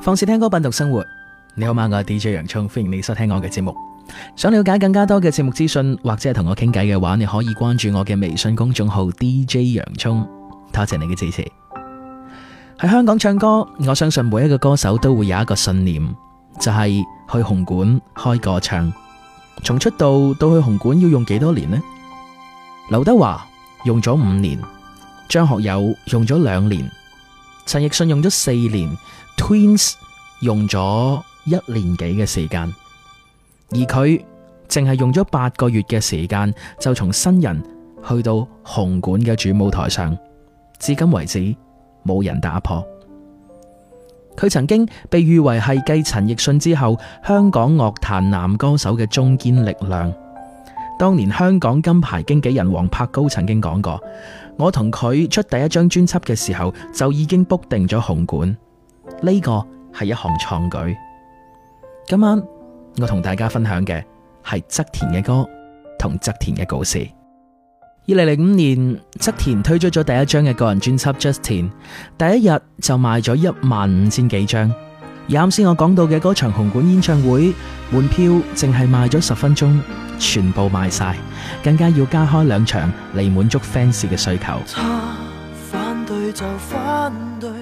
放肆聽歌品讀生活，你好嘛？我係 DJ 洋蔥，歡迎你收聽我嘅節目。想了解更加多嘅節目資訊或者係同我傾偈嘅話，你可以關注我嘅微信公眾號 DJ 洋蔥。多謝你嘅支持。喺香港唱歌，我相信每一個歌手都會有一個信念，就係去紅館開個唱。從出道到去紅館要用幾多年呢？劉德華用咗五年，張學友用咗兩年，陳奕迅用咗四年。Twins 用咗一年幾嘅時間，而佢淨係用咗八個月嘅時間就從新人去到紅館嘅主舞台上，至今為止冇人打破。佢曾經被譽為係繼陳奕迅之後香港樂壇男歌手嘅中堅力量。當年香港金牌經紀人黃柏高曾經講過：我同佢出第一張專輯嘅時候就已經卜定咗紅館。呢、這個係一項創舉。今晚我同大家分享嘅係側田嘅歌同側田嘅故事。二零零五年，側田推出咗第一張嘅個人專輯《Justin》，第一日就賣咗一萬五千幾張。而啱先我講到嘅嗰場紅館演唱會，門票淨係賣咗十分鐘，全部賣晒，更加要加開兩場嚟滿足 fans 嘅需求。反對就反對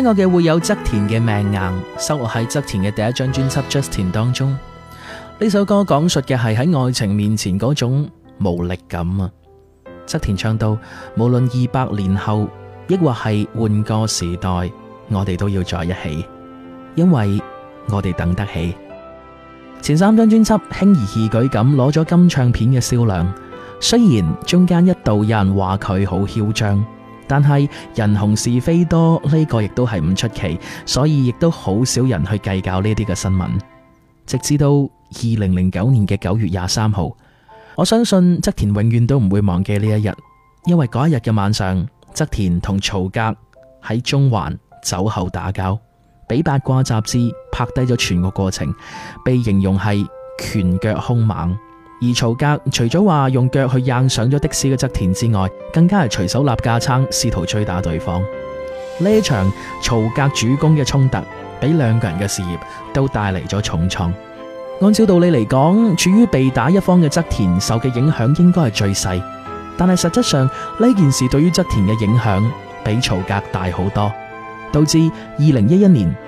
聽我嘅會有側田嘅命硬，收錄喺側田嘅第一張專輯《Justin》當中，呢首歌講述嘅係喺愛情面前嗰種無力感啊！側田唱到無論二百年後，亦或係換個時代，我哋都要在一起，因為我哋等得起。前三張專輯輕而易舉咁攞咗金唱片嘅銷量，雖然中間一度有人話佢好囂張。但係人紅是非多呢，這個亦都係唔出奇，所以亦都好少人去計較呢啲嘅新聞。直至到二零零九年嘅九月廿三號，我相信側田永遠都唔會忘記呢一日，因為嗰一日嘅晚上，側田同曹格喺中環酒後打交，俾八卦雜誌拍低咗全個過程，被形容係拳腳兇猛。而曹格除咗話用腳去硬上咗的士嘅側田之外，更加係隨手立架撐，試圖追打對方。呢一場曹格主攻嘅衝突，俾兩個人嘅事業都帶嚟咗重創。按照道理嚟講，處於被打一方嘅側田受嘅影響應該係最細，但係實質上呢件事對於側田嘅影響比曹格大好多，導致二零一一年。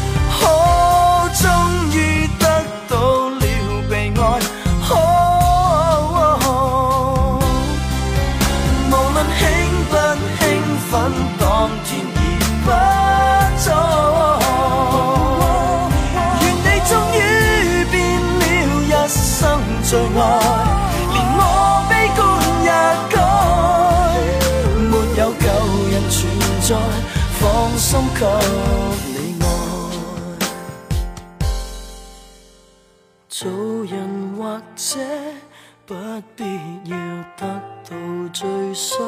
你我做人或者不必要得到最想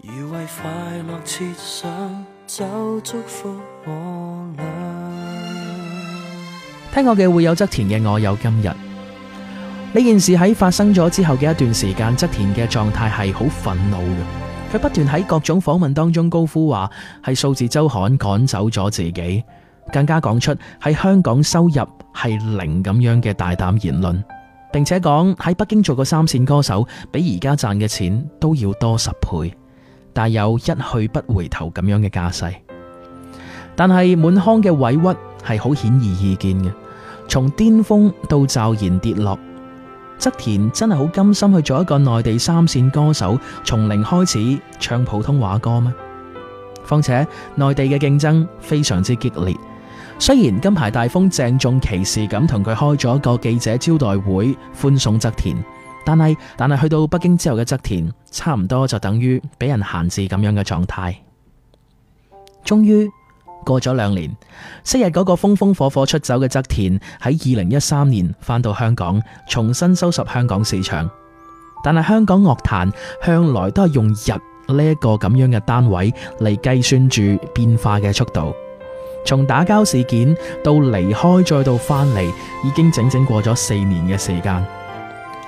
而為，快樂設想，就祝福我倆。聽我嘅會有側田嘅我有今日，呢件事喺發生咗之後嘅一段時間，側田嘅狀態係好憤怒嘅。佢不斷喺各種訪問當中高呼話係數字周刊趕走咗自己，更加講出喺香港收入係零咁樣嘅大膽言論，並且講喺北京做個三線歌手，比而家賺嘅錢都要多十倍，但有一去不回頭咁樣嘅架勢。但係滿腔嘅委屈係好顯而易見嘅，從巔峰到驟然跌落。側田真係好甘心去做一個內地三線歌手，從零開始唱普通話歌嗎？況且內地嘅競爭非常之激烈。雖然金牌大風鄭重其事咁同佢開咗一個記者招待會，歡送側田，但係但係去到北京之後嘅側田，差唔多就等於俾人閒置咁樣嘅狀態。終於。過咗兩年，昔日嗰個風風火火出走嘅側田喺二零一三年翻到香港，重新收拾香港市場。但係香港樂壇向來都係用日呢一個咁樣嘅單位嚟計算住變化嘅速度。從打交事件到離開再到翻嚟，已經整整過咗四年嘅時間。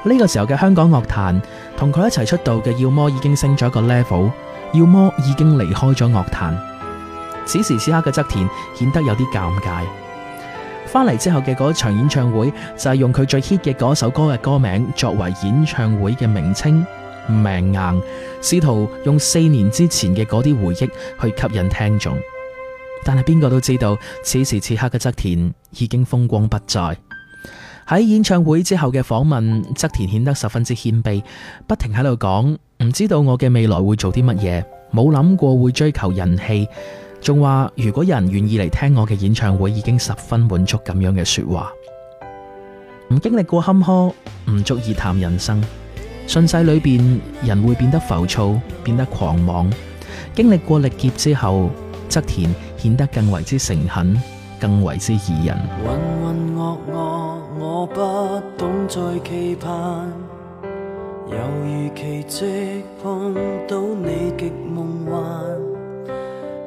呢、這個時候嘅香港樂壇同佢一齊出道嘅，要麼已經升咗一個 level，要麼已經離開咗樂壇。此時此刻嘅側田顯得有啲尷尬。翻嚟之後嘅嗰場演唱會就係、是、用佢最 hit 嘅嗰首歌嘅歌名作為演唱會嘅名稱，命硬，試圖用四年之前嘅嗰啲回憶去吸引聽眾。但係邊個都知道，此時此刻嘅側田已經風光不再。喺演唱會之後嘅訪問，側田顯得十分之謙卑，不停喺度講，唔知道我嘅未來會做啲乜嘢，冇諗過會追求人氣。仲話如果人願意嚟聽我嘅演唱會，已經十分滿足。咁樣嘅說話，唔經歷過坎坷，唔足以談人生。信世裏邊，人會變得浮躁，變得狂妄。經歷過歷劫之後，側田顯得更為之誠懇，更為之宜人。渾渾噩噩，我不懂再期盼，猶如奇蹟碰到你極夢幻。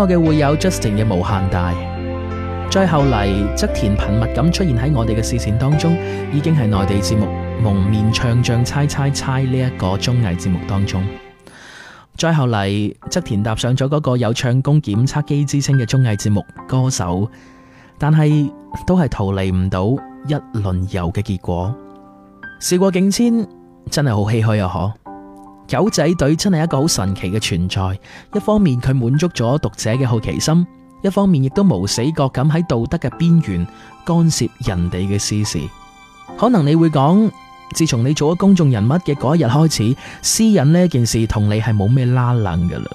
我嘅會友 Justin 嘅無限大，再後嚟側田頻密咁出現喺我哋嘅視線當中，已經係內地節目蒙面唱將猜猜猜呢一個綜藝節目當中。再後嚟側田踏上咗嗰個有唱功檢測機之稱嘅綜藝節目歌手，但係都係逃離唔到一輪遊嘅結果。事過境遷，真係好唏噓啊！可。狗仔隊真係一個好神奇嘅存在，一方面佢滿足咗讀者嘅好奇心，一方面亦都無死角咁喺道德嘅邊緣干涉人哋嘅私事。可能你會講，自從你做咗公眾人物嘅嗰一日開始，私隱呢件事同你係冇咩拉冷噶啦。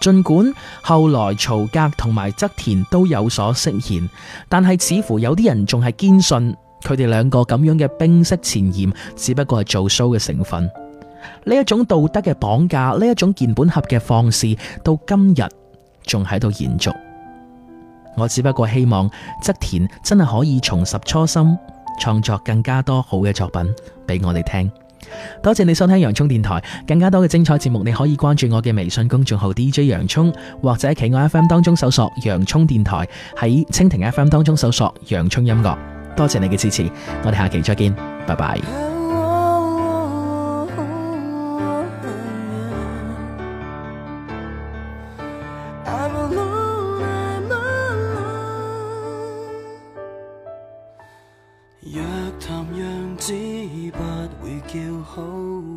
盡管後來曹格同埋側田都有所釋然，但係似乎有啲人仲係堅信佢哋兩個咁樣嘅冰釋前嫌，只不過係做 show 嘅成分。呢一種道德嘅綁架，呢一種鍵盤俠嘅放肆，到今日仲喺度延續。我只不過希望側田真係可以重拾初心，創作更加多好嘅作品俾我哋聽。多謝你收聽洋蔥電台，更加多嘅精彩節目，你可以關注我嘅微信公眾號 D J 洋蔥，或者喺企愛 F M 當中搜索洋蔥電台，喺蜻蜓 F M 當中搜索洋蔥音樂。多謝你嘅支持，我哋下期再見，拜拜。